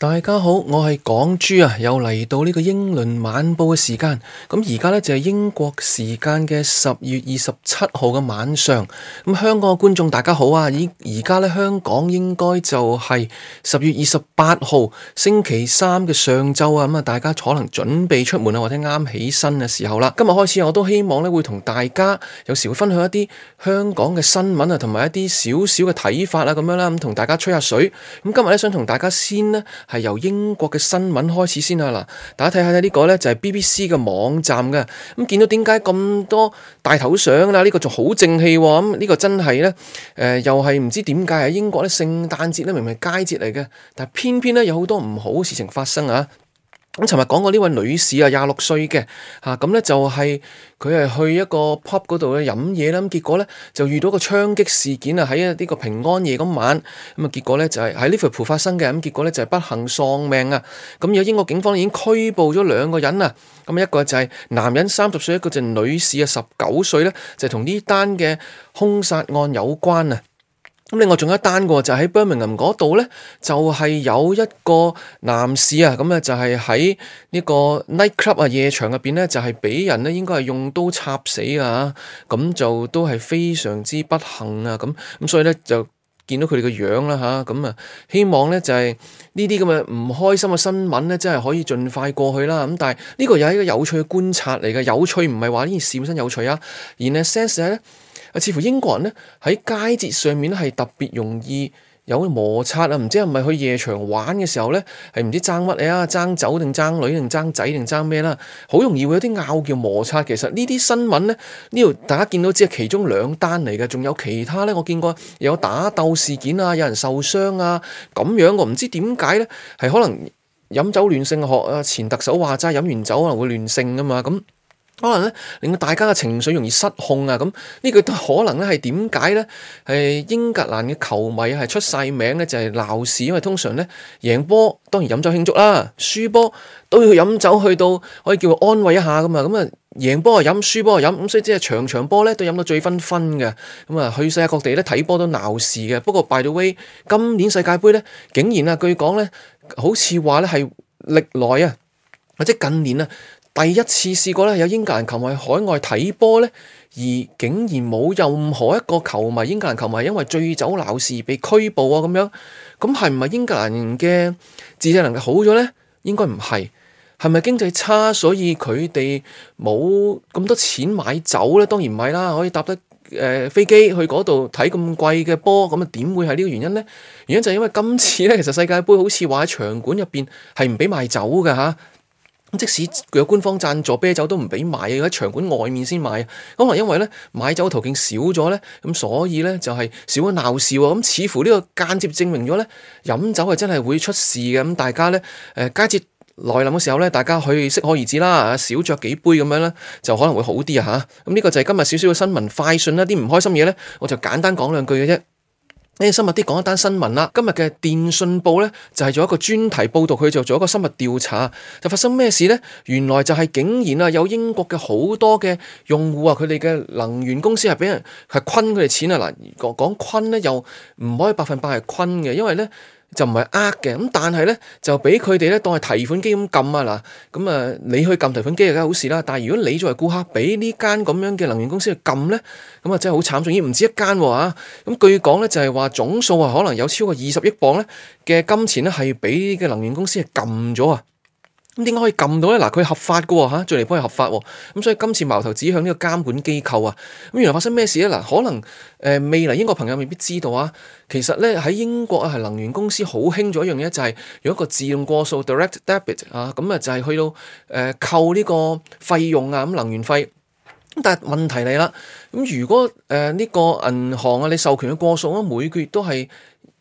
大家好，我係港珠啊，又嚟到呢個《英倫晚報》嘅時間。咁而家咧就係英國時間嘅十月二十七號嘅晚上。咁香港嘅觀眾大家好啊！而家咧香港應該就係十月二十八號星期三嘅上晝啊。咁啊，大家可能準備出門啊，或者啱起身嘅時候啦。今日開始我都希望咧會同大家有時會分享一啲香港嘅新聞啊，同埋一啲少少嘅睇法啊。咁樣啦，咁同大家吹下水。咁今日咧想同大家先咧。係由英國嘅新聞開始先啦。嗱，大家睇下睇呢個咧就係 BBC 嘅網站嘅，咁見到點解咁多大頭相啦？呢、呢個仲好正氣喎，咁呢個真係咧、呃、又係唔知點解喺英國咧聖誕節咧明明係佳節嚟嘅，但偏偏咧有好多唔好嘅事情發生啊！咁尋日講過呢位女士啊，廿六歲嘅嚇，咁咧就係佢係去一個 pub 嗰度嘅飲嘢啦，咁結果咧就遇到個槍擊事件啊，喺呢個個平安夜嗰晚，咁啊結果咧就係喺 Liverpool 發生嘅，咁結果咧就係不幸喪命啊，咁而家英國警方已經拘捕咗兩個人啊，咁一個就係男人三十歲，一個就係女士啊十九歲咧，就同呢單嘅兇殺案有關啊。咁另外仲有一單嘅喎，就喺、是、Birmingham 嗰度咧，就係、是、有一個男士啊，咁咧就係喺呢個 night club 啊夜場入邊咧，就係、是、俾人咧應該係用刀插死啊，咁就都係非常之不幸啊，咁咁所以咧就見到佢哋嘅樣啦吓，咁啊希望咧就係呢啲咁嘅唔開心嘅新聞咧，真係可以盡快過去啦。咁但係呢個又係一個有趣嘅觀察嚟嘅，有趣唔係話呢件事本身有趣啊，而係 sense 咧、就是。似乎英國人咧喺佳節上面咧係特別容易有摩擦啊！唔知係咪去夜場玩嘅時候咧係唔知爭乜嘢啊？爭酒定爭女定爭仔定爭咩啦？好容易會有啲拗叫摩擦。其實呢啲新聞咧呢度大家見到只係其中兩單嚟嘅，仲有其他咧我見過有打鬥事件啊，有人受傷啊咁樣嘅、啊，唔知點解咧係可能飲酒亂性的學啊，前特首話齋飲完酒可能會亂性㗎嘛咁。可能咧令到大家嘅情緒容易失控啊！咁呢個都可能咧係點解咧？係英格蘭嘅球迷係出晒名咧，就係鬧事，因為通常咧贏波當然飲酒慶祝啦，輸波都要飲酒去到可以叫佢安慰一下噶嘛。咁啊贏波就飲，輸波就飲，咁所以即係場場波咧都飲到醉醺醺嘅。咁啊去世界各地咧睇波都鬧事嘅。不過 by the way，今年世界盃咧竟然啊據講咧好似話咧係歷來啊或者近年啊。第一次試過咧，有英格蘭球迷海外睇波咧，而竟然冇任何一個球迷英格蘭球迷因為醉酒鬧事而被拘捕啊！咁樣，咁係唔係英格蘭嘅自制能力好咗咧？應該唔係，係咪經濟差所以佢哋冇咁多錢買酒咧？當然唔係啦，可以搭得、呃、飛機去嗰度睇咁貴嘅波，咁啊點會係呢個原因咧？原因就係因為今次咧，其實世界盃好似話喺場館入面係唔俾賣酒㗎。即使有官方贊助啤酒都唔俾賣，要喺場館外面先賣。咁可能因為呢買酒途徑少咗呢，咁所以呢，就係、是、少咗鬧事喎。咁似乎呢個間接證明咗呢，飲酒係真係會出事嘅。咁大家呢，誒佳節來臨嘅時候呢，大家可以適可而止啦，少酌幾杯咁樣呢，就可能會好啲啊吓。咁、嗯、呢、這個就係今日少少嘅新聞快訊啦。啲唔開心嘢呢，我就簡單講兩句嘅啫。呢深入啲講一單新聞啦，今日嘅電訊報咧就係、是、做一個專題報導，佢就做一個深入調查，就發生咩事咧？原來就係竟然啊，有英國嘅好多嘅用戶啊，佢哋嘅能源公司係俾人係昆佢哋錢啊！嗱，講講昆咧又唔可以百分百係昆嘅，因為咧。就唔係呃嘅，咁但係咧就俾佢哋咧當係提款機咁撳啊，嗱，咁啊你去撳提款機係梗好事啦，但係如果你作為顧客俾呢間咁樣嘅能源公司去撳咧，咁啊真係好慘，仲要唔止一間喎啊！咁據講咧就係話總數啊可能有超過二十億鎊咧嘅金錢咧係俾嘅能源公司係撳咗啊！點解可以撳到咧？嗱，佢合法㗎喎嚇，最離譜係合法。咁所以今次矛頭指向呢個監管機構啊。咁原來發生咩事咧？嗱，可能未來英國朋友未必知道啊。其實咧喺英國啊，係能源公司好興咗一樣嘢，就係、是、有一個自動過數 direct debit 啊。咁啊，就係去到誒扣呢個費用啊，咁能源費。咁但係問題嚟啦。咁如果誒呢個銀行啊，你授權嘅過數啊，每個月都係。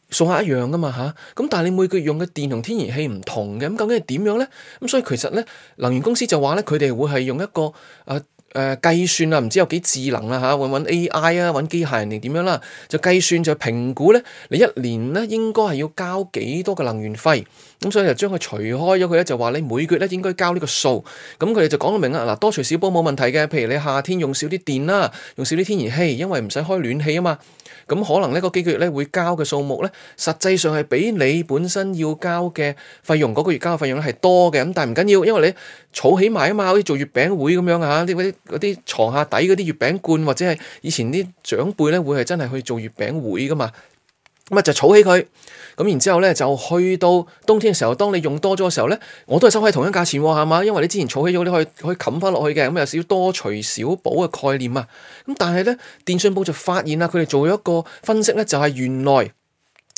數下一樣噶嘛吓，咁但係你每個月用嘅電同天然氣唔同嘅，咁究竟係點樣咧？咁所以其實咧，能源公司就話咧，佢哋會係用一個誒誒計算啊，唔、啊、知有幾智能啦吓，搵搵 A I 啊，搵機、啊、械人定點樣啦，就計算就評估咧，你一年咧應該係要交幾多嘅能源費。咁所以就將佢除開咗佢咧，就話你每個月咧應該交呢個數。咁佢哋就講得明啦。嗱，多除少補冇問題嘅。譬如你夏天用少啲電啦，用少啲天然氣，因為唔使開暖氣啊嘛。咁可能呢個幾個月咧會交嘅數目咧，實際上係比你本身要交嘅費用嗰個月交嘅費用咧係多嘅。咁但唔緊要，因為你儲起埋啊嘛。好似做月餅會咁樣啊，啲嗰啲床下底嗰啲月餅罐，或者係以前啲長輩咧會係真係去做月餅會噶嘛。咁啊就儲起佢，咁然之後咧就去到冬天嘅時候，當你用多咗嘅時候咧，我都係收喺同一價錢係嘛，因為你之前儲起咗，你可以可以冚翻落去嘅，咁有少少多除少補嘅概念啊，咁但係咧電信報就發現啦，佢哋做咗一個分析咧，就係原來。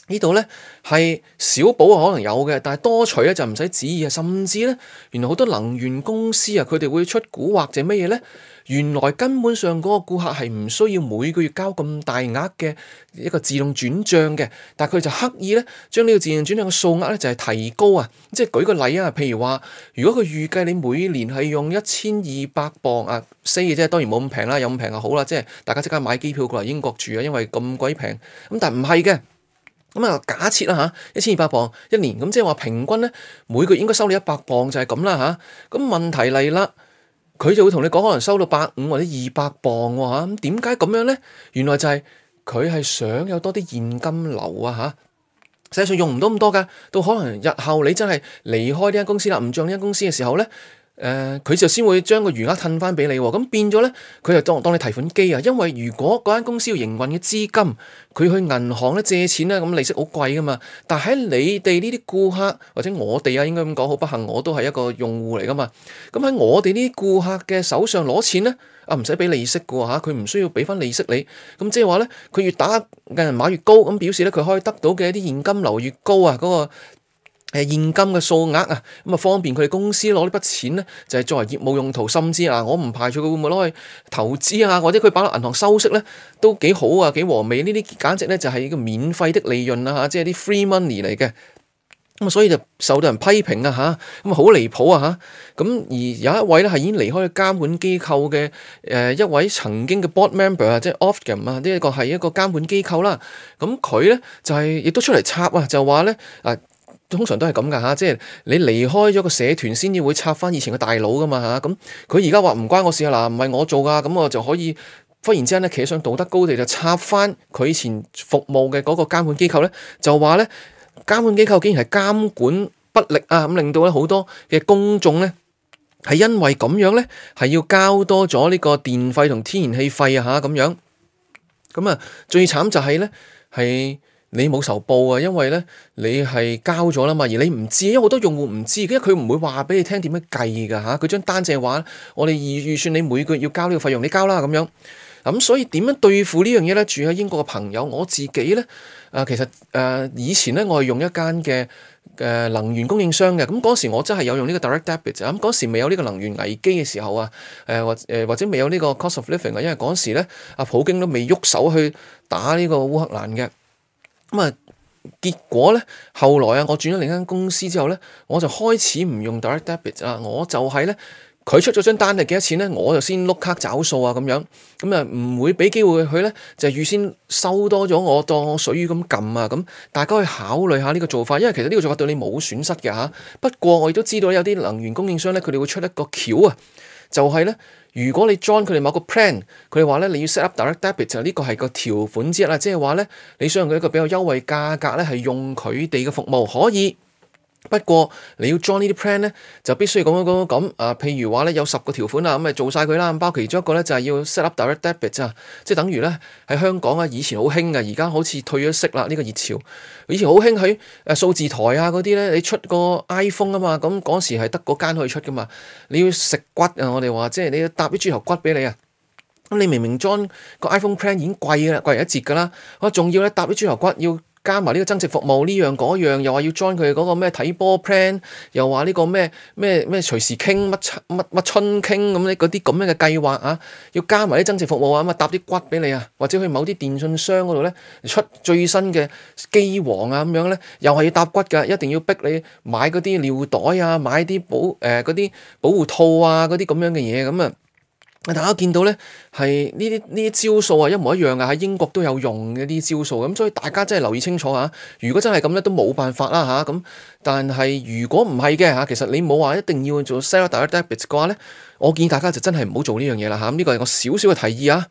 呢度咧係少補，可能有嘅，但係多除咧就唔使旨意啊！甚至咧，原來好多能源公司啊，佢哋會出股或者咩嘢咧？原來根本上嗰個顧客係唔需要每個月交咁大額嘅一個自動轉帳嘅，但係佢就刻意咧將呢個自動轉帳嘅數額咧就係提高啊！即係舉個例啊，譬如話，如果佢預計你每年係用一千二百磅啊，say 嘅啫，當然冇咁平啦，有咁平就好啦，即係大家即刻買機票過嚟英國住啊，因為咁鬼平咁，但係唔係嘅。咁啊，假設啦嚇，一千二百磅一年，咁即係話平均咧，每個月應該收你一百磅就係咁啦嚇。咁問題嚟啦，佢就會同你講可能收到百五或者二百磅喎嚇。咁點解咁樣咧？原來就係佢係想有多啲現金流啊嚇。實際上用唔到咁多噶，到可能日後你真係離開呢間公司啦，唔像呢間公司嘅時候咧。誒佢、呃、就先會將個餘額褪翻俾你喎，咁變咗咧，佢就當當你提款機啊！因為如果嗰間公司要營運嘅資金，佢去銀行咧借錢啦，咁利息好貴噶嘛。但喺你哋呢啲顧客或者我哋啊，應該咁講，好不幸我都係一個用戶嚟噶嘛。咁喺我哋呢啲顧客嘅手上攞錢咧，啊唔使俾利息嘅嚇，佢唔需要俾翻利息你。咁即係話咧，佢越打嘅人碼越高，咁表示咧佢可以得到嘅一啲現金流越高啊，嗰個誒現金嘅數額啊，咁啊方便佢哋公司攞呢筆錢咧，就係、是、作為業務用途甚至啊，我唔排除佢會唔會攞去投資啊，或者佢擺落銀行收息咧，都幾好啊，幾和美呢啲，這些簡直咧就係一個免費的利潤啊，嚇，即係啲 free money 嚟嘅。咁所以就受到人批評啊吓，咁啊好離譜啊嚇。咁而有一位咧係已經離開監管機構嘅誒一位曾經嘅 board member 啊，即係 Ofgem 啊，呢一個係一個監管機構啦。咁佢咧就係、是、亦都出嚟插啊，就話咧啊。通常都係咁噶吓，即係你離開咗個社團，先至會插翻以前嘅大佬噶嘛吓。咁佢而家話唔關我事啊，嗱，唔係我做噶，咁我就可以忽然之間咧，企上道德高地就插翻佢以前服務嘅嗰個監管機構咧，就話咧監管機構竟然係監管不力啊，咁令到咧好多嘅公眾咧係因為咁樣咧係要交多咗呢個電費同天然氣費啊吓，咁樣咁啊最慘就係咧係。是你冇仇報啊，因為咧你係交咗啦嘛，而你唔知，因為好多用戶唔知，因為佢唔會話俾你聽點樣計噶，佢張單淨係話我哋預預算你每個月要交呢個費用，你交啦咁樣。咁、嗯、所以點樣對付呢樣嘢咧？住喺英國嘅朋友，我自己咧啊、呃，其實誒、呃、以前咧我係用一間嘅誒能源供應商嘅，咁、嗯、嗰時我真係有用呢個 Direct Debit 咁、嗯、嗰時未有呢個能源危機嘅時候啊、呃，或或者未有呢個 cost of living 啊，因為嗰時咧阿普京都未喐手去打呢個烏克蘭嘅。咁啊，結果咧，後來啊，我轉咗另一間公司之後咧，我就開始唔用 Direct Debit 啊，我就係咧，佢出咗張單係幾多錢咧，我就先碌卡找數啊，咁樣，咁啊唔會俾機會佢咧，就預先收多咗我當我水魚咁撳啊咁，大家去考慮下呢個做法，因為其實呢個做法對你冇損失嘅吓、啊，不過我亦都知道有啲能源供應商咧，佢哋會出一個橋啊，就係、是、咧。如果你 join 佢哋某個 plan，佢哋話咧你要 set up direct debit 就呢個係個條款之一啦，即係話咧你想用佢一個比較優惠價格咧係用佢哋嘅服務可以。不過你要裝呢啲 plan 咧，就必須要咁樣咁樣咁啊！譬如話咧有十個條款啦，咁咪做晒佢啦。包括其中一個咧就係、是、要 set up direct debit 啊，即係等於咧喺香港啊以前好興㗎，而家好似退咗息啦呢個熱潮。以前好興喺數字台啊嗰啲咧，你出個 iPhone 啊嘛，咁嗰時係得個間可以出噶嘛。你要食骨啊，我哋話即係你要搭啲豬頭骨俾你啊。咁你明明裝個 iPhone plan 已經貴啦，貴一截噶啦，我仲要咧搭啲豬頭骨要。加埋呢個增值服務呢樣嗰樣，又話要 join 佢嗰個咩睇波 plan，又話呢個咩咩咩隨時傾乜春乜乜春傾咁嗰啲咁樣嘅計劃啊，要加埋啲增值服務啊，咁啊搭啲骨俾你啊，或者去某啲電信商嗰度咧出最新嘅機王啊咁樣咧，又係要搭骨噶，一定要逼你買嗰啲尿袋啊，買啲保誒嗰啲保護套啊，嗰啲咁樣嘅嘢咁啊。大家見到咧係呢啲呢啲招數啊，一模一樣啊，喺英國都有用嘅呢啲招數，咁所以大家真係留意清楚啊！如果真係咁咧，都冇辦法啦咁、啊、但係如果唔係嘅，其實你冇話一定要做 Direct Debit 嘅話咧，我建議大家就真係唔好做呢樣嘢啦嚇。呢、啊、個係我少少嘅提議啊。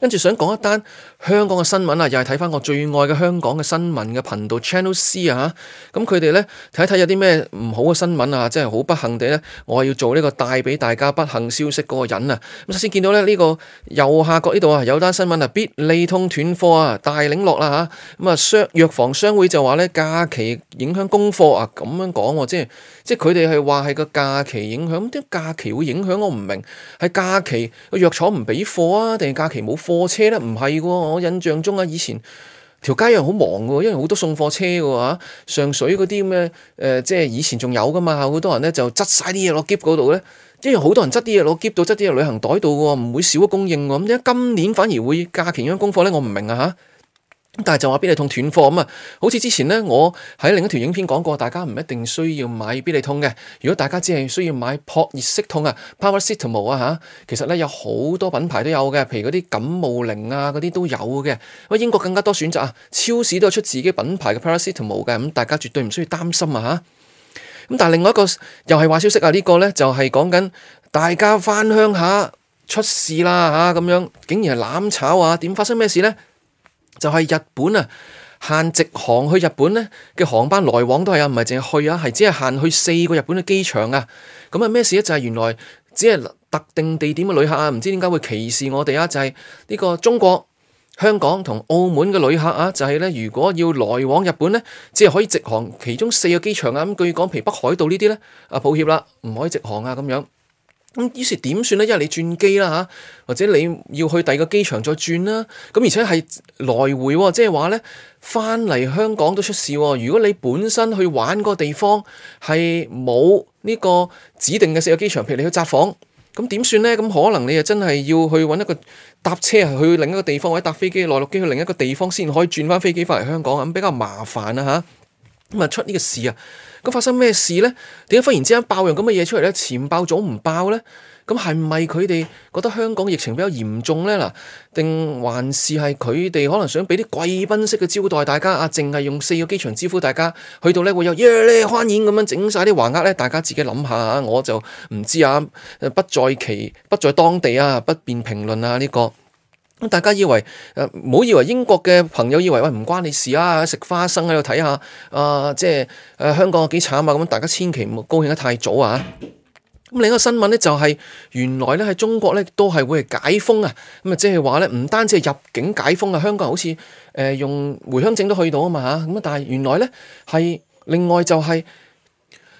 跟住想講一單香港嘅新聞啊，又係睇翻我最愛嘅香港嘅新聞嘅頻道 Channel C 啊，咁佢哋咧睇一睇有啲咩唔好嘅新聞啊，真、嗯、係好、啊啊、即不幸地咧，我係要做呢個帶俾大家不幸消息嗰個人啊。咁、啊、首先見到咧呢、呢個右下角呢度啊，有單新聞啊，必利通斷貨啊，大領落啦嚇。咁啊，啊相藥房商會就話咧假期影響供貨啊，咁樣講喎、啊，即係即係佢哋係話係個假期影響，點解假期會影響我唔明係假期個藥廠唔俾貨啊，定係假期冇？貨車咧，唔係喎，我印象中啊，以前條街又好忙嘅，因為好多送貨車嘅啊，上水嗰啲咩？誒、呃，即係以前仲有噶嘛，好多人咧就執晒啲嘢落箧嗰度咧，即係好多人執啲嘢落箧到，執啲嘢旅行袋到，唔會少咗供應喎。咁點解今年反而會價錢咁供貨咧，我唔明啊吓。但係就話必理痛斷貨咁啊！好似之前呢，我喺另一條影片講過，大家唔一定需要買必理痛嘅。如果大家只係需要買撲熱息痛啊，Paracetamol 其實呢，有好多品牌都有嘅，譬如嗰啲感冒靈啊嗰啲都有嘅。咁英國更加多選擇啊，超市都有出自己品牌嘅 Paracetamol 嘅，咁大家絕對唔需要擔心啊。咁但另外一個又係壞消息啊，呢個呢，就係講緊大家翻鄉下出事啦。咁樣竟然係攬炒啊！點發生咩事呢？就係日本啊，限直航去日本咧嘅航班來往都係啊，唔係淨係去啊，係只係限去四個日本嘅機場啊。咁、嗯、啊咩事咧？就係、是、原來只係特定地點嘅旅客啊，唔知點解會歧視我哋啊？就係、是、呢個中國香港同澳門嘅旅客啊，就係、是、咧如果要來往日本咧，只係可以直航其中四個機場啊。咁據講譬如北海道這些呢啲咧啊，抱歉啦，唔可以直航啊咁樣。咁於是點算呢？因為你轉機啦吓，或者你要去第二個機場再轉啦。咁而且係來回，即係話呢翻嚟香港都出事。如果你本身去玩個地方係冇呢個指定嘅四個機場，譬如你去札幌，咁點算呢？咁可能你又真係要去揾一個搭車去另一個地方，或者搭飛機內陸機去另一個地方先可以轉翻飛機翻嚟香港，咁比較麻煩啊吓，咁啊出呢個事啊！咁發生咩事呢？點解忽然之間爆樣咁嘅嘢出嚟呢？前爆早唔爆呢？咁係咪佢哋覺得香港疫情比較嚴重呢？定還是係佢哋可能想俾啲貴賓式嘅招待大家？啊，淨係用四個機場招呼大家去到呢會有耶咧、yeah，歡迎咁樣整晒啲橫額呢？大家自己諗下啊！我就唔知啊，不在其不在當地啊，不便評論啊呢個。咁大家以為，誒唔好以為英國嘅朋友以為喂唔、哎、關你事啊，食花生喺度睇下，啊即係誒、啊、香港有幾慘啊咁，大家千祈唔好高興得太早啊！咁另一個新聞咧就係、是、原來咧喺中國咧都係會係解封啊，咁啊即係話咧唔單止係入境解封啊，香港好似誒用回鄉證都去到啊嘛嚇，咁但係原來咧係另外就係、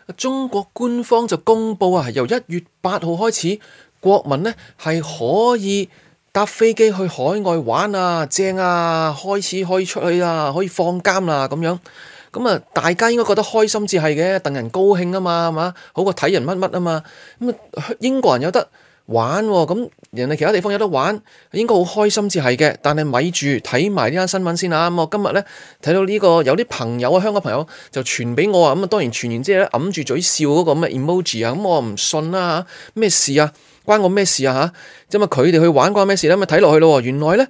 是、中國官方就公布啊，由一月八號開始國民咧係可以。搭飛機去海外玩啊，正啊，開始可以出去啊，可以放監啦、啊，咁樣咁啊，大家應該覺得開心至係嘅，戥人高興啊嘛，係咪？好過睇人乜乜啊嘛，咁啊英國人有得玩、啊，咁人哋其他地方有得玩，應該好開心至係嘅。但係咪住睇埋呢單新聞先啊？咁我今日咧睇到呢、呢個有啲朋友啊，香港朋友就傳俾我啊，咁啊當然傳完之後咧揞住嘴笑嗰個咁嘅 emoji 啊，咁我唔信啦，咩事啊？關我咩事啊吓！即係咪佢哋去玩關我咩事咧？咪睇落去咯，原來咧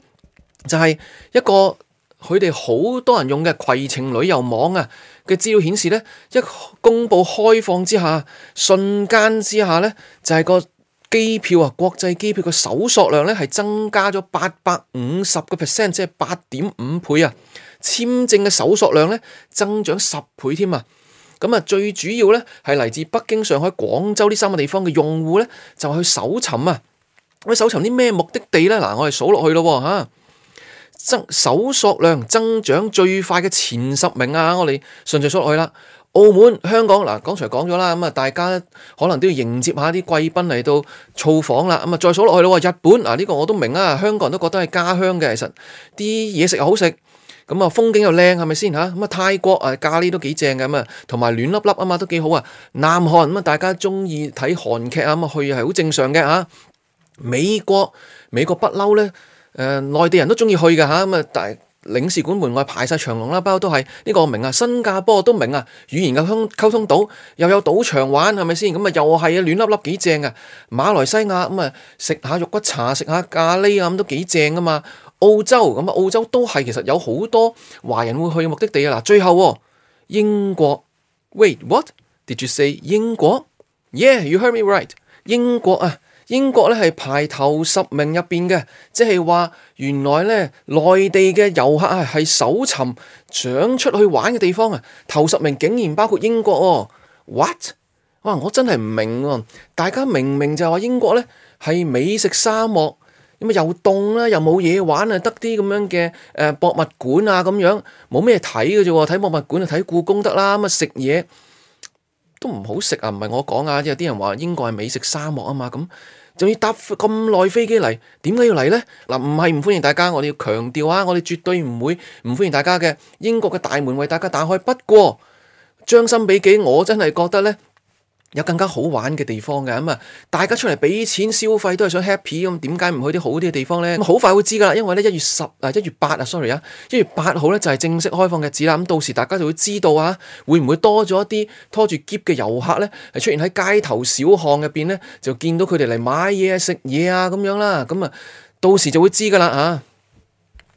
就係一個佢哋好多人用嘅携程旅遊網啊嘅資料顯示咧，一公布開放之下，瞬間之下咧就係個機票啊，國際機票嘅搜索量咧係增加咗八百五十個 percent，即係八點五倍啊！簽證嘅搜索量咧增長十倍添啊！咁啊，最主要咧係嚟自北京、上海、廣州呢三個地方嘅用戶咧，就係去搜尋啊，咁去搜尋啲咩目的地咧？嗱，我哋數落去咯嚇，增搜索量增長最快嘅前十名啊，我哋順序數落去啦。澳門、香港嗱，剛才講咗啦，咁啊，大家可能都要迎接一下啲貴賓嚟到套房啦。咁啊，再數落去咯，日本嗱，呢個我都明啊，香港人都覺得係家鄉嘅，其實啲嘢食又好食。咁啊，風景又靚，係咪先吓，咁啊，泰國啊，咖喱都幾正嘅，咁啊，同埋暖粒粒啊嘛，都幾好啊。南韓，咁啊，大家鍾意睇韓劇啊，咁啊去係好正常嘅吓，美國，美國不嬲咧，誒、呃，內地人都鍾意去嘅吓，咁啊，但係領事館門外排晒長龍啦，不嬲都係呢、這個我明啊，新加坡我都明啊，語言嘅溝通到，又有賭場玩，係咪先？咁啊，又係啊，暖粒粒幾正嘅。馬來西亞，咁啊，食下肉骨茶，食下咖喱啊，咁都幾正噶嘛。澳洲咁啊，澳洲都係其實有好多華人會去嘅目的地啊！嗱，最後、哦、英國，wait what did you say？英國，yeah you heard me right？英國啊，英國咧係排頭十名入邊嘅，即係話原來咧內地嘅遊客啊係搜尋想出去玩嘅地方啊，頭十名竟然包括英國哦！what？哇，我真係唔明啊！大家明明就話英國咧係美食沙漠。咁又凍啦，又冇嘢玩啊，得啲咁樣嘅誒博物館啊咁樣，冇咩睇嘅啫喎，睇博物館啊睇故宮得啦，咁啊食嘢都唔好食啊，唔係我講啊，有啲人話英國係美食沙漠啊嘛，咁仲要搭咁耐飛機嚟，點解要嚟咧？嗱唔係唔歡迎大家，我哋要強調啊，我哋絕對唔會唔歡迎大家嘅，英國嘅大門為大家打開。不過將心比己，我真係覺得咧。有更加好玩嘅地方嘅咁啊！大家出嚟畀錢消費都係想 happy 咁，點解唔去啲好啲嘅地方咧？咁好快會知噶啦，因為咧一月十啊一月八啊，sorry 啊，一月八號咧就係正式開放嘅日子啦。咁到時大家就會知道啊，會唔會多咗一啲拖住喼嘅遊客咧，出現喺街頭小巷入邊咧，就見到佢哋嚟買嘢食嘢啊咁樣啦。咁啊，到時就會知噶啦啊！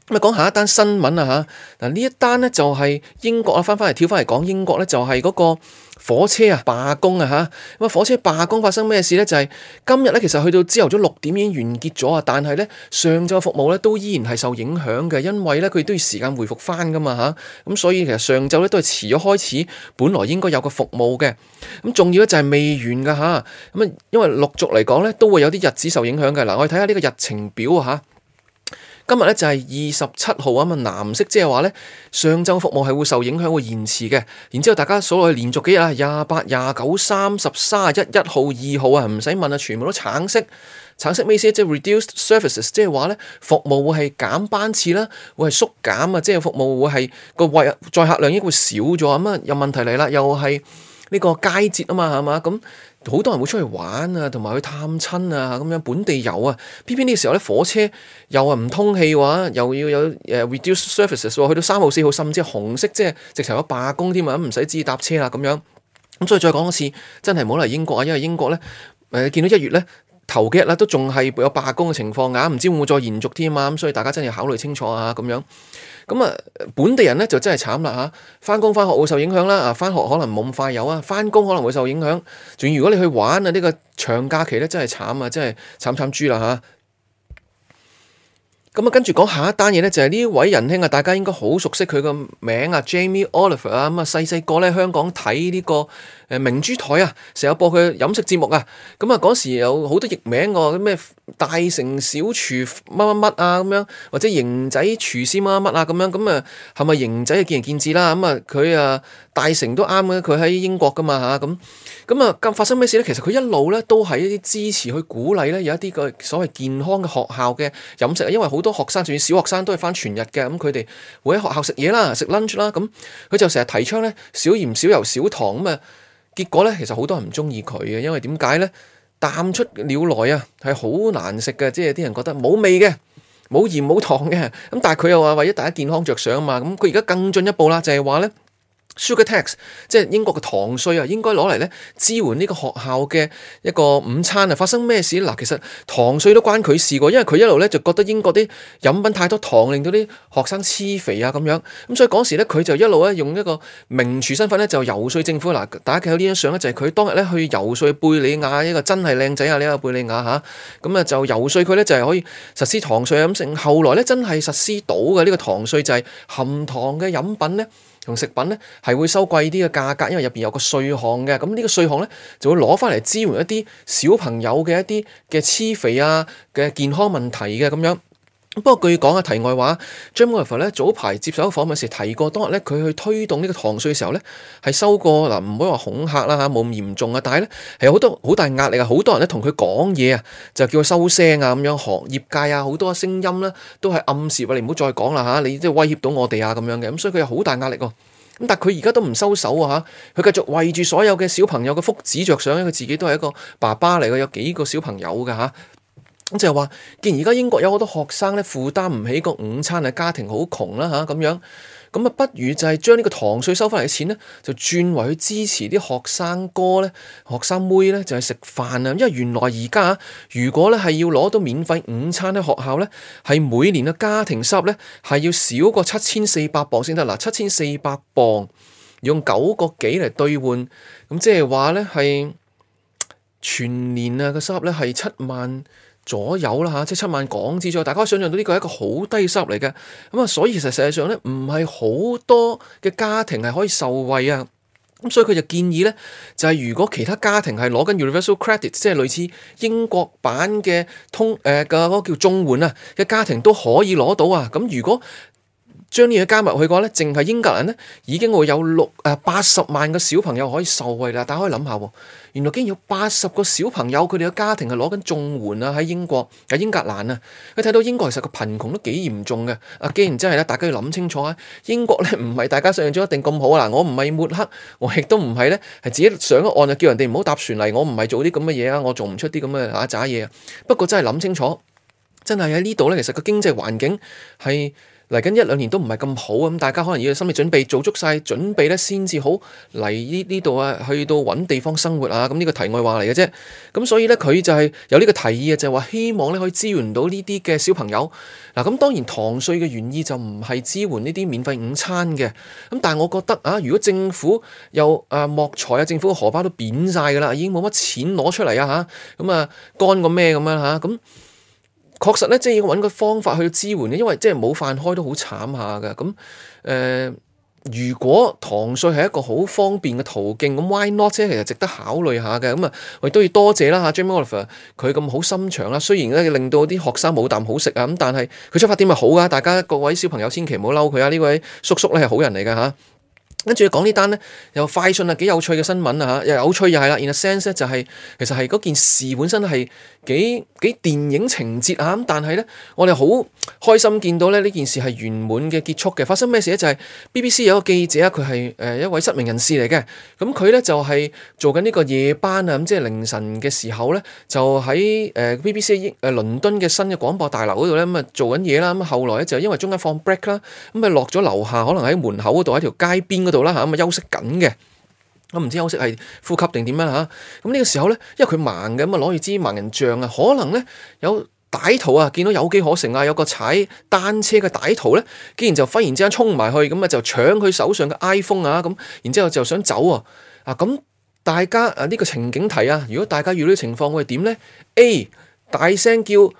咁啊，講下一單新聞啊。嚇。嗱呢一單咧就係英國啊，翻翻嚟跳翻嚟講英國咧，就係嗰個火車啊罷工啊咁啊，火車罷工發生咩事咧？就係、是、今日咧，其實去到朝頭早六點已經完結咗啊，但係咧上晝服務咧都依然係受影響嘅，因為咧佢都要時間回復翻噶嘛嚇。咁所以其實上晝咧都係遲咗開始，本來應該有個服務嘅。咁重要咧就係未完㗎。嚇。咁啊，因為陸續嚟講咧都會有啲日子受影響嘅。嗱，我哋睇下呢個日程表啊。今日咧就係二十七號啊嘛，藍色即係話咧，上晝服務係會受影響，會延遲嘅。然之後大家所謂連續幾日啊，廿八、廿九、三十、卅一、一號、二號啊，唔使問啊，全部都橙色。橙色咩意思？即係 reduced services，即係話咧，服務會係減班次啦，會係縮減啊，即係服務會係個位載客量應該會少咗啊嘛，有問題嚟啦，又係。呢個佳節啊嘛，係嘛？咁好多人會出去玩啊，同埋去探親啊，咁樣本地遊啊。偏偏呢個時候咧，火車又話啊唔通氣喎又要有、uh, reduce services、啊、去到三號四號，甚至係紅色，即係直頭有罷工添啊，唔使自己搭車啦、啊、咁樣。咁所以再講一次，真係唔好嚟英國啊，因為英國咧誒、呃，見到一月咧。頭幾日咧，都仲係有罷工嘅情況啊，唔知會唔會再延續添啊，咁所以大家真係要考慮清楚啊，咁樣。咁啊，本地人咧就真係慘啦吓，翻工翻學會受影響啦啊，翻學可能冇咁快有啊，翻工可能會受影響。仲如果你去玩啊，呢、這個長假期咧真係慘啊，真係慘慘豬啦吓，咁啊，跟住講下一單嘢咧，就係、是、呢位仁兄啊，大家應該好熟悉佢個名啊，Jamie Oliver 啊，咁啊細細個咧香港睇呢、這個。明珠台啊，成日播佢飲食節目啊，咁啊嗰時有好多譯名喎、啊，咩大城小廚乜乜乜啊咁樣，或者型仔廚師乜乜乜啊咁樣，咁啊係咪型仔見仁見智啦？咁、嗯、啊佢啊大成都啱嘅，佢喺英國噶嘛嚇咁，咁啊咁、嗯嗯嗯、發生咩事咧？其實佢一路咧都係一啲支持去鼓勵咧有一啲個所謂健康嘅學校嘅飲食啊，因為好多學生就算小學生都係返全日嘅，咁佢哋會喺學校食嘢啦，食 lunch 啦，咁、嗯、佢就成日提倡咧少鹽少油少糖咁啊！嗯結果咧，其實好多人唔中意佢嘅，因為點解咧？淡出鳥來啊，係好難食嘅，即係啲人覺得冇味嘅，冇鹽冇糖嘅。咁但係佢又話為咗大家健康着想啊嘛，咁佢而家更進一步啦，就係話咧。Sugar tax，即係英國嘅糖稅啊，應該攞嚟咧支援呢個學校嘅一個午餐啊！發生咩事嗱，其實糖稅都關佢事喎，因為佢一路咧就覺得英國啲飲品太多糖，令到啲學生黐肥啊咁樣。咁所以嗰時咧，佢就一路咧用一個名廚身份咧就游說政府嗱，大家睇到呢張相咧就係、係、佢當日咧去游說貝里亞一、呢個真係靚仔啊，呢、呢個貝里亞吓咁啊就游說佢咧就係可以實施糖稅啊咁成。後來咧真係實施到嘅呢、呢個糖稅就係含糖嘅飲品咧。同食品咧，係會收貴啲嘅價格，因為入面有個稅項嘅，咁呢個稅項咧就會攞翻嚟支援一啲小朋友嘅一啲嘅黐肥啊嘅健康問題嘅咁樣。不過據講啊，題外話，Jamie Oliver 咧早排接受訪問時提過，當日咧佢去推動呢個糖稅嘅時候咧，係收過嗱，唔可以話恐嚇啦嚇，冇咁嚴重啊。但係咧係有好多好大壓力啊，好多人咧同佢講嘢啊，就叫佢收聲啊，咁樣行業界啊好多聲音咧都係暗示話你唔好再講啦嚇，你即係威脅到我哋啊咁樣嘅。咁所以佢有好大壓力喎。咁但係佢而家都唔收手啊嚇，佢繼續為住所有嘅小朋友嘅福祉着想，因佢自己都係一個爸爸嚟嘅，有幾個小朋友嘅嚇。咁就係話，既然而家英國有好多學生咧，負擔唔起個午餐啊，家庭好窮啦嚇咁樣，咁啊，不如就係將呢個糖稅收翻嚟嘅錢咧，就轉為去支持啲學生哥咧、學生妹咧，就係食飯啊。因為原來而家如果咧係要攞到免費午餐咧，學校咧係每年嘅家庭收入呢，咧係要少過七千四百磅先得嗱，七千四百磅用九個幾嚟兌換，咁即係話咧係全年啊個收入呢，咧係七萬左右啦吓，即係七萬港幣左右，大家可以想象到呢個係一個好低收入嚟嘅，咁啊，所以其實實際上咧，唔係好多嘅家庭係可以受惠啊，咁所以佢就建議咧，就係、是、如果其他家庭係攞緊 Universal Credit，即係類似英國版嘅通嘅嗰、呃嗰個叫綜援啊嘅家庭都可以攞到啊，咁如果將呢嘢加埋入去嘅話，咧，淨係英格蘭咧已經會有六、啊、八十萬嘅小朋友可以受惠啦。大家可以諗下喎，原來竟然有八十個小朋友佢哋嘅家庭係攞緊綜援啊！喺英國喺英格蘭啊，你睇到英國其實個貧窮都幾嚴重嘅。啊，既然真係咧，大家要諗清楚啊！英國咧唔係大家想象中一定咁好啦，嗱，我唔係抹黑，我亦都唔係咧係自己上咗岸就叫人哋唔好搭船嚟。我唔係做啲咁嘅嘢啊，我做唔出啲咁嘅渣渣嘢啊。不過真係諗清楚，真係喺呢度咧，其實個經濟環境係嚟緊一兩年都唔係咁好，咁大家可能要心理準備，做足晒準備咧，先至好嚟呢呢度啊，去到揾地方生活啊，咁、這、呢個題外話嚟嘅啫。咁、啊、所以咧，佢就係有呢個提議啊，就話、是、希望咧可以支援到呢啲嘅小朋友。嗱、啊，咁、啊、當然糖稅嘅原意就唔係支援呢啲免費午餐嘅。咁、啊、但係我覺得啊，如果政府又啊莫財啊，政府嘅荷包都扁晒噶啦，已經冇乜錢攞出嚟啊吓，咁啊乾個咩咁樣吓。咁。啊啊啊確實咧，即係要揾個方法去支援，因為即係冇飯開都好慘下噶。咁誒、呃，如果糖稅係一個好方便嘅途徑，咁 why not 其實值得考慮下嘅。咁啊，我亦都要多謝啦 Jamie Oliver，佢咁好心腸啦。雖然咧令到啲學生冇啖好食啊，咁但係佢出發點係好噶。大家各位小朋友千祈唔好嬲佢啊！呢位叔叔咧係好人嚟㗎吓。跟住講呢單咧，又快訊啊，幾有趣嘅新聞啊吓，又有趣又係啦。然後 sense 就係、是、其實係嗰件事本身係。幾幾電影情節啊咁，但係咧，我哋好開心見到咧呢件事係圓滿嘅結束嘅。發生咩事咧？就係、是、BBC 有一個記者啊，佢係、呃、一位失明人士嚟嘅。咁佢咧就係、是、做緊呢個夜班啊，咁即係凌晨嘅時候咧，就喺、呃、BBC 誒倫敦嘅新嘅廣播大樓嗰度咧，咁啊做緊嘢啦。咁後來咧就因為中間放 break 啦，咁啊落咗樓下，可能喺門口嗰度，喺條街邊嗰度啦吓，咁啊休息緊嘅。我唔知休息係呼吸定點樣嚇。咁呢個時候咧，因為佢盲嘅，咁啊攞住支盲人杖啊，可能咧有歹徒啊見到有機可乘啊，有個踩單車嘅歹徒咧，竟然就忽然之間衝埋去，咁啊就搶佢手上嘅 iPhone 啊，咁、啊、然之後就想走啊。啊咁大家啊呢、這個情景題啊，如果大家遇到啲情況會係點咧？A 大聲叫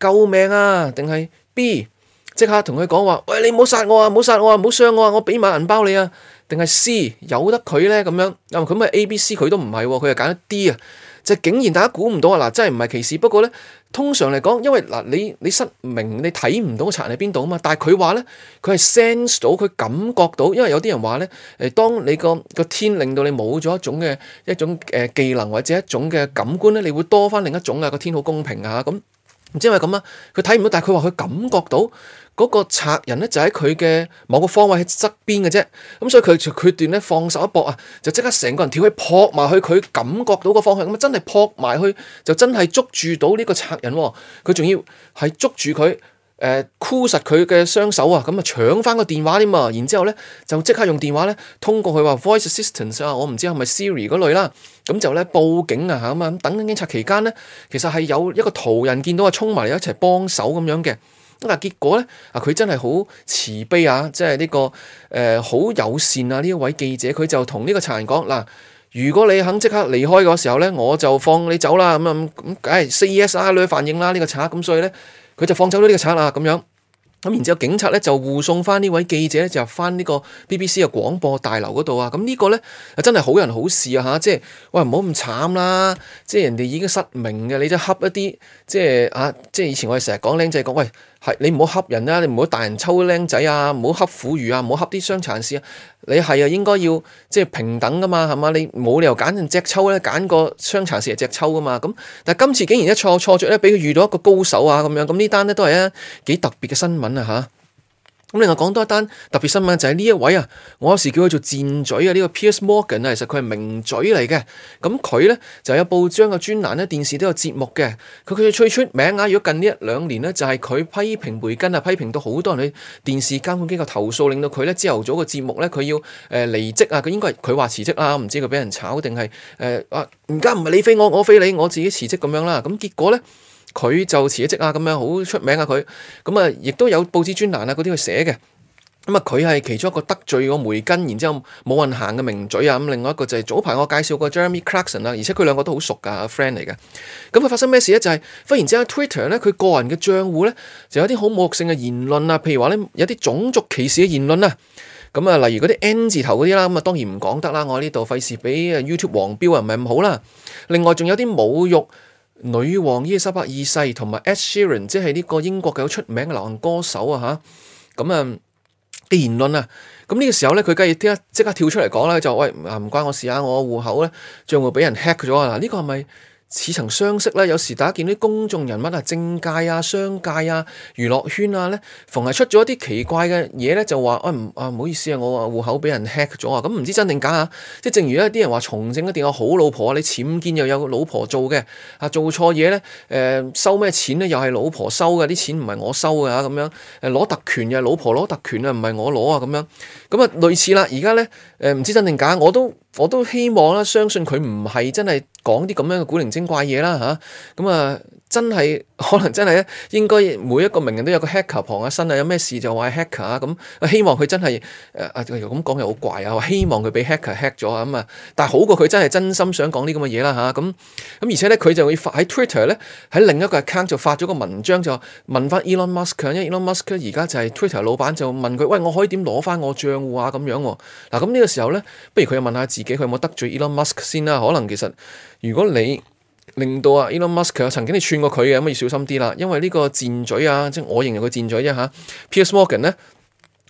救命啊，定係 B 即刻同佢講話：喂，你唔好殺我啊，唔好殺我啊，唔好傷我啊，我俾埋銀包你啊！定係 C，有得佢咧咁樣，咁佢咪 A、B、C 佢都唔係，佢揀揀 D 啊！就竟然大家估唔到啊！嗱，真係唔係歧視。不過咧，通常嚟講，因為嗱，你你失明，你睇唔到個賊喺邊度啊嘛。但係佢話咧，佢係 sense 到，佢感覺到，因為有啲人話咧，誒，當你個個天令到你冇咗一種嘅一種誒技能或者一種嘅感官咧，你會多翻另一種啊。個天好公平啊！咁唔知係咪咁啊？佢睇唔到，但係佢話佢感覺到。嗰個賊人咧就喺佢嘅某個方位喺側邊嘅啫，咁所以佢就決斷咧放手一搏啊，就即刻成個人跳起撲埋去佢感覺到個方向，咁啊真係撲埋去就真係捉住到呢個賊人，哦，佢仲要係捉住佢，誒箍實佢嘅雙手啊，咁啊搶翻個電話添啊，然之後咧就即刻用電話咧通過佢話 Voice Assistant 啊，我唔知係咪 Siri 嗰類啦，咁就咧報警啊咁啊，咁、嗯、等緊警察期間咧，其實係有一個途人見到啊衝埋嚟一齊幫手咁樣嘅。結果咧，啊佢真係好慈悲啊，即係呢個誒好、呃、友善啊呢一位記者，佢就同呢個賊人講嗱，如果你肯即刻離開嘅時候咧，我就放你走啦咁、嗯嗯哎、啊咁，咁梗係 CSR 類反應啦、啊、呢、這個賊，咁所以咧佢就放走咗呢個賊啦咁樣。咁然之後，警察咧就護送翻呢位記者呢就翻呢個 BBC 嘅廣播大樓嗰度啊！咁呢個咧真係好人好事啊吓，即係喂唔好咁慘啦！即係人哋已經失明嘅，你都恰一啲即係啊！即係以前我哋成日講靚仔講，喂係你唔好恰人啊，你唔好大人抽靚仔啊，唔好恰苦魚啊，唔好恰啲傷殘師啊！你係啊，應該要即係、即係、平等噶嘛，係嘛？你冇理由揀人隻抽咧，揀個傷殘人士隻抽噶嘛。咁但係今次竟然一錯錯着咧，俾佢遇到一個高手啊咁樣。咁呢單咧都係一單幾特別嘅新聞啊吓。咁另外講多一單特別新聞就係、是、呢一位啊，我有時叫佢做戰嘴啊，呢、這個 Piers Morgan 啊，其實佢係名嘴嚟嘅。咁佢呢就有報章嘅專欄呢，電視都有節目嘅。佢佢最出名啊，如果近呢一兩年呢，就係、是、佢批評梅根啊，批評到好多人去電視監管機構投訴，令到佢呢朝頭早嘅節目呢，佢要誒離職啊，佢應該係佢話辭職啊，唔知佢俾人炒定係誒啊？而家唔係你飛我，我飛你，我自己辭職咁樣啦。咁結果呢。佢就辭咗職啊，咁樣好出名啊佢，咁啊亦都有報紙專欄啊嗰啲去寫嘅，咁啊佢係其中一個得罪個梅根，然之後冇運行嘅名嘴啊，咁另外一個就係早排我介紹過 Jeremy Clarkson 啊，而且佢兩個都好熟噶 friend 嚟嘅，咁啊發生咩事咧？就係、是、忽然之間 Twitter 咧，佢個人嘅賬戶咧就有啲好侮辱性嘅言論啊，譬如話咧有啲種族歧視嘅言論啊，咁啊例如嗰啲 N 字頭嗰啲啦，咁啊當然唔講得啦，我呢度費事俾 YouTube 黃標啊，唔係咁好啦。另外仲有啲侮辱。女王伊麗莎白二世同埋 Ed Sheeran，即係呢個英國嘅好出名嘅流行歌手啊，咁啊嘅言論啊，咁呢個時候咧，佢梗係即刻即刻跳出嚟講啦，就喂，唔關關我事啊，我戶口咧仲會俾人 hack 咗啊，嗱、這、呢個係咪？似曾相識啦，有時大家見到啲公眾人物啊、政界啊、商界啊、娛樂圈啊咧，逢係出咗一啲奇怪嘅嘢咧，就話、哎、啊唔啊唔好意思啊，我啊戶口俾人 hack 咗啊，咁、嗯、唔知真定假啊？即係正如一啲人話，從政一定有好老婆啊，你僭建又有老婆做嘅啊，做錯嘢咧、呃，收咩錢咧，又係老婆收嘅，啲錢唔係我收嘅嚇咁樣，攞、呃、特權又係老婆攞特權啊，唔係我攞啊咁樣，咁、嗯、啊類似啦，而家咧唔知真定假，我都。我都希望啦，相信佢唔係真係講啲咁樣嘅古靈精怪嘢啦，嚇咁啊！嗯真係可能真係應該每一個名人都有個 hacker 傍下身啊！有咩事就話 hacker 啊！咁希望佢真係誒，咁講又好怪啊！希望佢俾 hacker hack 咗啊！咁啊，但好過佢真係真心想講啲咁嘅嘢啦吓，咁咁而且咧，佢就會發喺 Twitter 咧，喺另一個 account 就發咗個文章就問翻 Elon Musk 因為 Elon Musk 而家就係 Twitter 老闆，就問佢喂，我可以點攞翻我賬戶啊？咁樣嗱、啊，咁、啊、呢、啊啊這個時候咧，不如佢又問下自己，佢有冇得罪 Elon Musk 先啦、啊？可能其實如果你令到啊、e、，Elon Musk 曾經係串過佢嘅，咁要小心啲啦。因為呢個賤嘴啊，即係我認為個賤嘴啫吓。Piers Morgan 咧，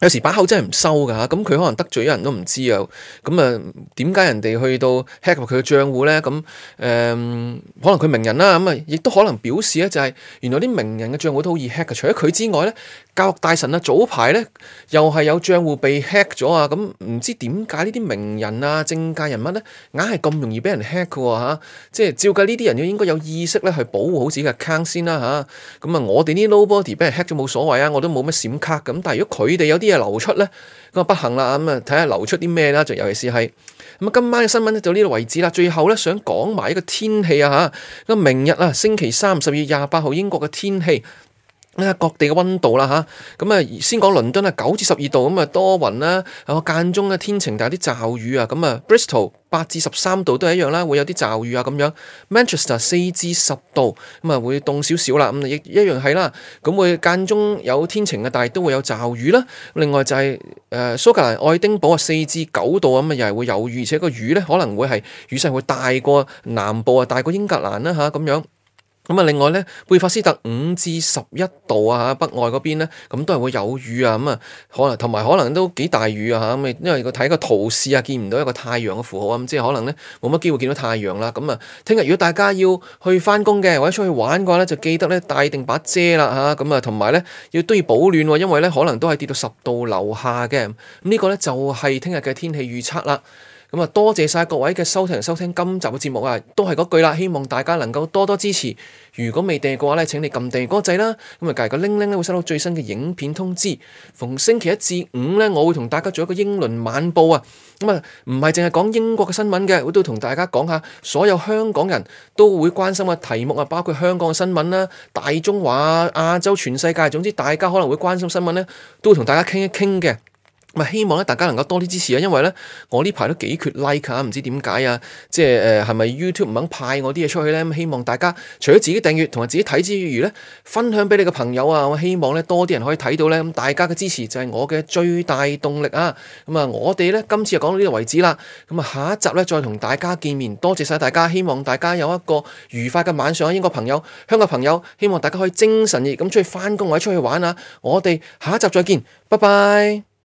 有時把口真係唔收嘅嚇，咁佢可能得罪人都唔知啊。咁啊，點解人哋去到 hack 佢嘅賬戶咧？咁、嗯、可能佢名人啦，咁啊，亦都可能表示咧，就係原來啲名人嘅賬戶都好易 hack。除咗佢之外咧。教育大臣啊，早排咧又係有賬戶被 hack 咗啊！咁、嗯、唔知點解呢啲名人啊、政界人物咧，硬係咁容易俾人 hack 嘅吓、啊啊，即係照計呢啲人要應該有意識咧去保護好自己嘅 account 先啦、啊、吓。咁啊，啊，啊，啊，我哋啲 nobody 俾人 hack 咗冇所謂啊，我都冇乜閃卡。咁、啊、但係如果佢哋有啲嘢流出咧，咁啊不幸啦咁啊，睇下流出啲咩啦。就尤其是係咁啊，今晚嘅新聞就呢度為止啦。最後咧想講埋呢個天氣啊吓，咁、啊啊、明日啊星期三十月廿八號英國嘅天氣。各地嘅溫度啦嚇，咁啊先講倫敦啊九至十二度，咁啊多雲啦，間中咧天晴，但係有啲驟雨啊，咁啊 Bristol 八至十三度都係一樣啦，會有啲驟雨啊咁樣，Manchester 四至十度，咁啊會凍少少啦，咁亦一樣係啦，咁會間中有天晴嘅，但係都會有驟雨啦。另外就係誒蘇格蘭愛丁堡啊四至九度，咁啊又係會有雨，而且個雨咧可能會係雨勢會大過南部啊，大過英格蘭啦吓，咁樣。咁啊，另外咧，貝法斯特五至十一度啊，北外嗰邊咧，咁都係會有雨啊，咁啊，可能同埋可能都幾大雨啊，嚇，因為個睇個圖示啊，見唔到一個太陽嘅符號啊，咁即係可能咧冇乜機會見到太陽啦。咁啊，聽日如果大家要去翻工嘅或者出去玩嘅話咧，就記得咧帶定把遮啦嚇，咁啊，同埋咧要都要保暖喎，因為咧可能都係跌到十度樓下嘅。咁、這、呢個咧就係聽日嘅天氣預測啦。咁啊，多謝晒各位嘅收聽收聽今集嘅節目啊，都係嗰句啦，希望大家能夠多多支持。如果未訂嘅話咧，請你撳訂閱嗰個掣啦。咁啊，隔籬個鈴鈴咧，會收到最新嘅影片通知。逢星期一至五咧，我會同大家做一個英倫晚報啊。咁啊，唔係淨係講英國嘅新聞嘅，我都同大家講下所有香港人都會關心嘅題目啊，包括香港嘅新聞啦、大中華、亞洲、全世界，總之大家可能會關心嘅新聞咧，都會同大家傾一傾嘅。希望大家能夠多啲支持啊，因為呢，我呢排都幾缺 like 啊，唔知點解啊，即係，誒，係咪 YouTube 唔肯派我啲嘢出去呢？希望大家除咗自己訂閱同埋自己睇之餘呢，分享俾你嘅朋友啊！我希望呢，多啲人可以睇到呢，大家嘅支持就係我嘅最大動力啊！咁啊，我哋呢，今次就講到呢度為止啦。咁啊，下一集呢，再同大家見面。多謝曬大家，希望大家有一個愉快嘅晚上啊！英國朋友、香港朋友，希望大家可以精神熱咁出去返工或者出去玩啊！我哋下一集再見，拜拜。